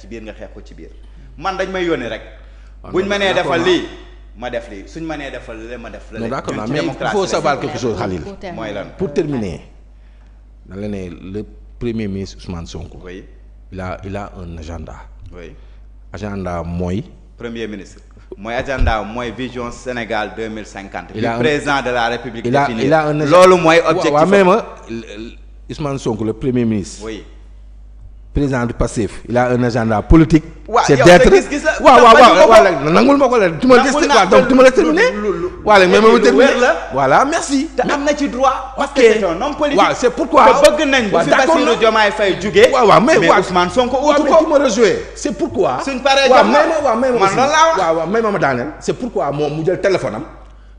ci biir nga xeex ko ci biir man dañ may yónni rek buñ ma nee defal lii ma def lii suñ ma nee defal lii ma def la d'accord mais il faut savoir quelque chose Khalil mooy lan pour terminer da la ne le premier ministre Ousmane Sonko oui il a il a un mooy premier ministre mooy agenda mille cinquante. il a de la République. il a il a un loolu mooy objectif. waaw waaw même le premier ministre. président du Pastef il a un agenda politique. waaw yow te gis-gis la nangul ma la du ma gis. waaw donc du ma la merci. te am na ci droit. parce que c'est un homme politique. waaw c'est pourquoi te bëgg nañ. waaw d'accord bu fi Bassirou Diomaye Faye jugee. waaw waaw mais ma rejoué. c'est pourquoi. suñ paree jàmm waaw mais ma waaw ma aussi waaw waaw mais ma ma daaneel. c'est pourquoi moom mu jël téléphone am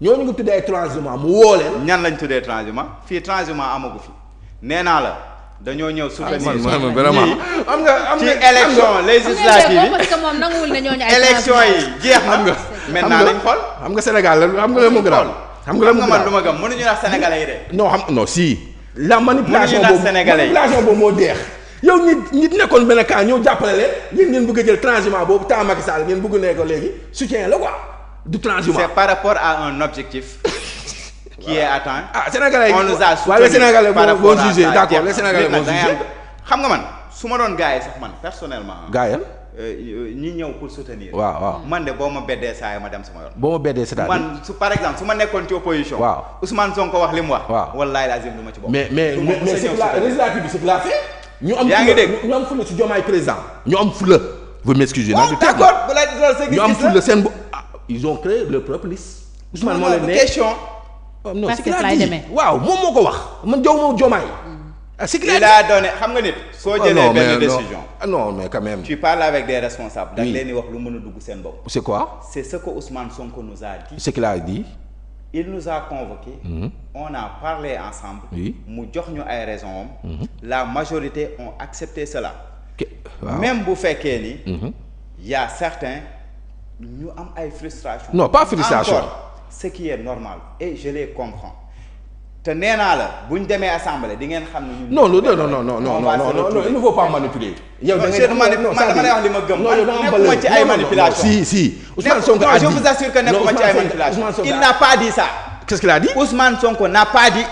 ñooñu nga tuddee ay transhumants mu woo ñan lañ tuddee transhumants fii transhumants amagu fi nee naa la dañoo ñëw soutenir ah, man vraiment am nga am nga ci élection législative yi parce que moom nanguwul na ñooñu ay élection yi jeex na nga ah, maintenant nañ xool xam nga Sénégal la xam nga la mu garaaw xam nga la mu garaaw lu ma gëm mënuñu nax sénégalais yi de non xam non si la manipulation boobu moo deex yow nit nit nekkoon benn ñëw jàppale leen ngeen bëgg a jël transhumance boobu temps Macky ngeen bëgg ne ko léegi soutien la quoi du transhumance c'est par rapport à un objectif qui ah sénégalais on nous a soutenu sénégalais d'accord les sénégalais boo jugé xam nga man su ma doon gaay sax man personnellement. gaayal euh, euh, ñi ñëw pour soutenir. waaw waaw man de boo ma beddee saa ma dem sama yoon. boo ma beddee c'est-à-dire man su par exemple su ma nekkoon ci opposition. waaw Ousmane Sonko wax li mu wax. waaw mais mais mais c'est la législative bi c'est la fait. ñu am yaa ngi dégg ñu am fula am fula. la ñu am fula ah, ils ont créé leur propre liste. Ousmane Euh, non parce waaw moom moo ko wax man jow moom jomaay. si ki la doone xam nga nit. soo ah, jëlee benn décision ah, non mais quand même. tu parles avec des responsables. da nga leen wax lu mën a dugg seen bopp. c'est quoi. c'est ce que Ousmane Sonko nous a dit. ce qu'il a dit. il nous a convoqués. Mhm. on a parlé ensemble. mu jox ñu ay raisons am. Mhm. la majorité ont accepté cela. Okay. Wow. bu fekkee ni. Mhm. y a certains ñu am ay frustrations. non pas frustration ce qui est normal et je les comprends te nee naa la bu ñu demee assemblée di ngeen xam ne. non non non non non non non il ne faut pas manipuler. yow da ngeen man dama lay wax li ma gëm. non yow da nga nekkuma ci ay manipulation si si. Ousmane Sonko a dit non je vous assure que nekkuma ci ay manipulation il n'a pas dit ça. qu'est-ce qu'il a dit Ousmane Sonko n'a pas dit.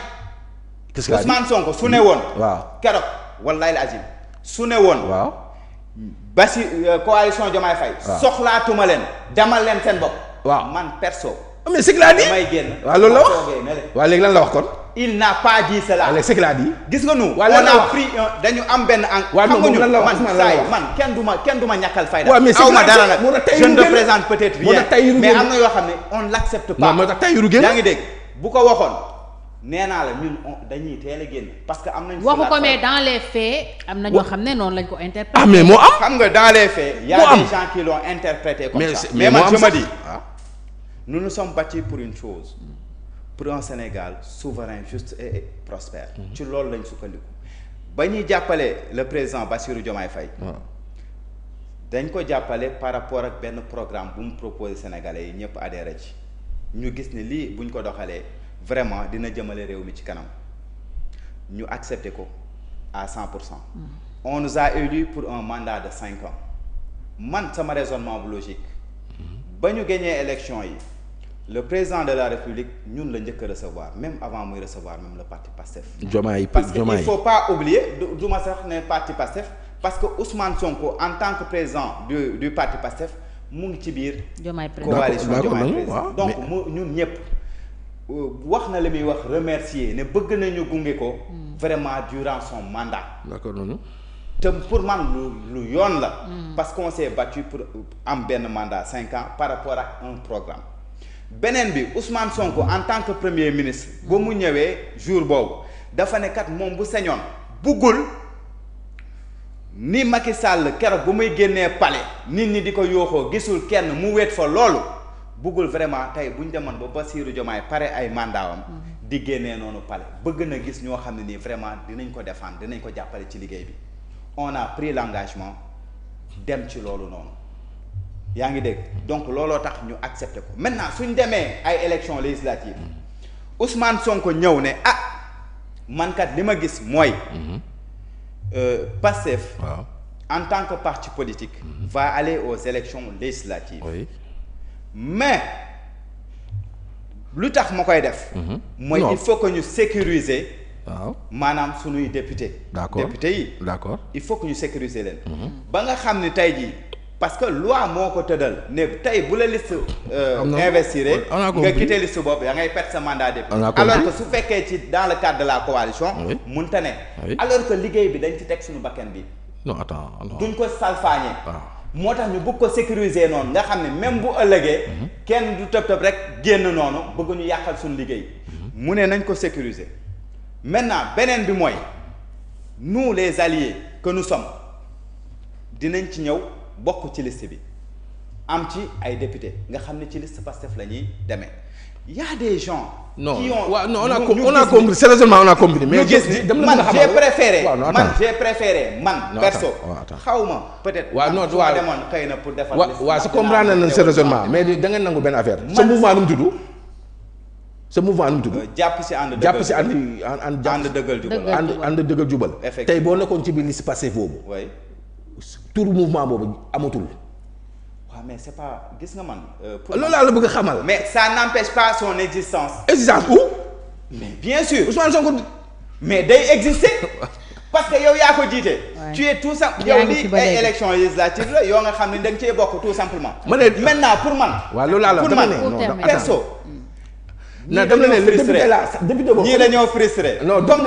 qu'est-ce qu'il a dit Ousmane Sonko su ne woon. waaw keroog wallahi azim su ne woon. waaw basi euh, coalition Diomaye Faye. waaw soxlaatuma leen. demal leen seen bopp. waaw man perso. Ah, mais c'est que laa di damay génn waaw loolu la wax waaw léegi lan la wax kon. il n'a pas dit cela. waaw ah, léegi c'est que laa di. gis nga nu. waaw lan la wax on a pris dañu am benn en. waaw non moom lan la wax xam nga ñu man saa yi man kenn du ma kenn du ma ñàkkal fayda. waaw mais c'est que laa dara nag je ne représente peut-être rien mais am na yoo xam ne on l'accepte pas. non moo tax tayiru génn yaa ngi dégg bu ko waxoon. nee naa la ñun dañuy teel a génn parce que am nañu. waxu ko mais dans les faits. am na ñoo xam ne noonu lañ ko interprété. ah mais moo am. xam nga dans les faits. moo am y a des gens qui l'ont interprété comme ça. mais mais man je me dis ah. nous nous sommes battus pour une chose pour un Sénégal souverain juste et prospère. Mhm. ci loolu lañ sukkandiku. ba ñuy jàppale le président Bassirou jomaay fay dañ ko jàppale par rapport ak benn programme bu mu proposé Sénégalais yi ñëpp adhéré ci ñu gis ni lii buñ ko doxalee vraiment dina jëmale réew mi ci kanam ñu accepté ko à cent pour cent. Mhm. on nous a élus pour un mandat de cinq ans man sama raisonnement bu logique. Mhm. ba ñu gañee élection yi. le président de la république ñun la njëkk a recevoir même avant muy recevoir même le parti Pastef. Diomaye parce que il faut pas oublier du ma sax ne parti Pastef parce que Ousmane Sonko en tant que président du du parti Pastef mu ngi ci biir. Diomaye président coalition Diomaye donc mu ñun ñëpp. Euh, wax na li muy wax remercier ne bëgg nañu gunge ko. Hmm. vraiment durant son mandat. d'accord noonu. te pour man lu yoon la. Hmm. parce qu'on s'est battu pour am benn mandat cinq ans par rapport ak un programme. beneen bi Ousmane Sonko en tant que premier ministre ba mu ñëwee jour boobu dafa ne kat moom bu señoon buggul ni Macky Sall keroog bu muy génnee pale nit ñi di ko yooxoo gisul kenn mu wéet fa loolu buggul vraiment tey bu ñu demoon ba Bassirou Diomaye pare ay mandaawam di génnee noonu palais bëgg na gis ñoo xam ne nii vraiment dinañ ko défendre dinañ ko jàppale ci liggéey bi on a prix l'engagement dem ci loolu noonu yaa ngi dégg donc looloo tax ñu accepté ko maintenant suñ demee ay élections législatives Ousmane Sonko ñëw ne ah man kat li ma gis mooy. Euh, Pastef. waaw en tant que parti politique. Mm -hmm. va aller aux élections législatives. Oui. mais lu tax ma koy def. Mhm. mooy il faut que ñu sécuriser. waaw maanaam sunuy député. d'accord député yi. d'accord il faut que ñu sécuriser leen. Mhm. ba nga xam ne tey jii. parce que loi moo ko tëddal ne tey bu la liste. Euh, investir nga quitté liste boobu da ngay perte sa mandat député alors que su fekkee ci dans le cadre de la coalition. munta ne alors que liggéey bi dañ ci teg suñu bakkan bi. non attends duñ ko salfaañee. Ah. moo tax ñu bëgg ko sécuriser noonu nga xam ne même bu ëllëgee. Mhm. kenn du tëb tëb rek génn noonu bëgg ñu yàqal suñu liggéey. Mhm. mu ne nañ ko sécuriser. maintenant beneen bi mooy nous les alliés que nous dinañ ci ñëw. bokk ci liste bi am ci ay député nga xam ne ci liste Pastef la ñuy demee y a des gens. non waaw non on a on a compris a compris mais na man j'ai préféré man j'ai préféré xaw ma peut-être waaw non waaw demoon xëy na pour defar waaw su comprendre nañ sérieusement mais da nga nangu benn affaire sa mouvement nu mu tudd sa euh, mouvement nu mu tudd euh, jàpp si ànd jàpp si ànd ànd ànd dëggal jubal ànd ànd boo nekkoon ci biir liste passé boobu tur mouvement boobu amatul. waaw mais c'est pas gis nga man. Euh, loolu laa la bëgg xamal. mais ça n'empêche pas son existence. existence où. mais bien sûr Ousmane Sonko. mais day exister parce que yow yaa ko jiite. tu es tout simple yow lii ay élection législative la yoo nga xam ne da cee bokk tout simplement. ma ne maintenant pour man. waaw loolu laa la pour man perso. na ne le député la député boobu ñii dañoo frustré. non comme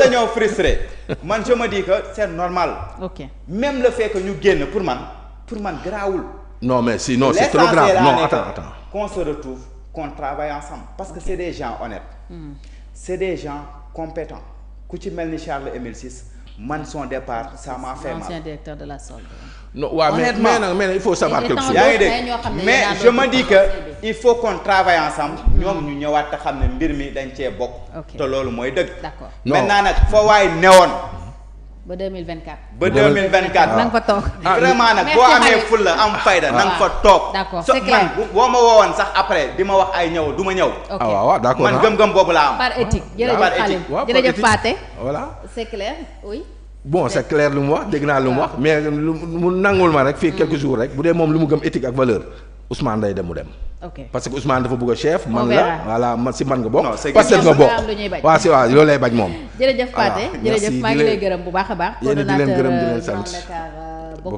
man je me dis que c'est normal. ok même le fait que ñu génn pour man pour man garaawul. non mais si non c'est trop grave non attends attends qu'on se retrouve qu'on travaille ensemble parce que c'est des gens honnêtes. Hmm. c'est des gens compétents ku ci mel ni Charles Émile Ciss man son départ ça m'a fait mal. ancien directeur de la solde. non waaw mais mais nag mais il faut savoir quelque chose. yaa ngi dégg mais je me dis que il faut qu'on travaille ensemble. ñu ñëwaat te xam ne mbir mi dañ cee bokk. te loolu mooy dëgg. d'accord maintenant nag foo waay newoon. ba 2024. ba 2024 na nga fa toog. Ah, vraiment nag boo amee ful la am ah, fayda ah, na nga fa toog. d'accord c'est clair boo ma woowoon sax après di ma wax ay ñëw du ma ñëw. ok waaw d'accord man gëm-gëm boobu laa am. par éthique jërëjëf Alim jërëjëf Pathé. voilà c'est bon c'est lu mu wax dégg naa lu mu wax mais lu mu nangul ma rek fii quelques jour rek bu dee moom lu mu gëm éthique ak valeur Ousmane day dem mu dem. ok parce que Ousmane dafa bëgg a chef. man la voilà si man nga bokk. non c' est nga bokk waaw si waaw loolu lay bañ moom. jërëjëf Pathé jërëjëf maa ngi lay gërëm bu baax a baax. yéen di leen euh, bi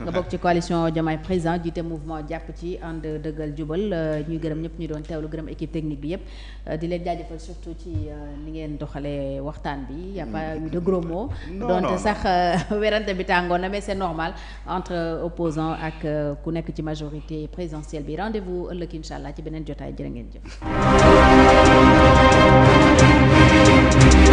nga bokk ci coalition Diomaye Président jiite mouvement jàpp ci ànd dëggal jubal euh, ñuy gërëm ñëpp ñu doon teewlu gërëm équipe technique bi yëpp. Euh, di leen jaajëfal surtout ci ni ngeen doxalee waxtaan bi y' a pas mm. eu de sax werante bi tàngoon mais c'est normal Euh, ku nekk ci majorité présidentielle bi rendez-vous ëllëg incha allah ci beneen jotaay jërë ngeen jëf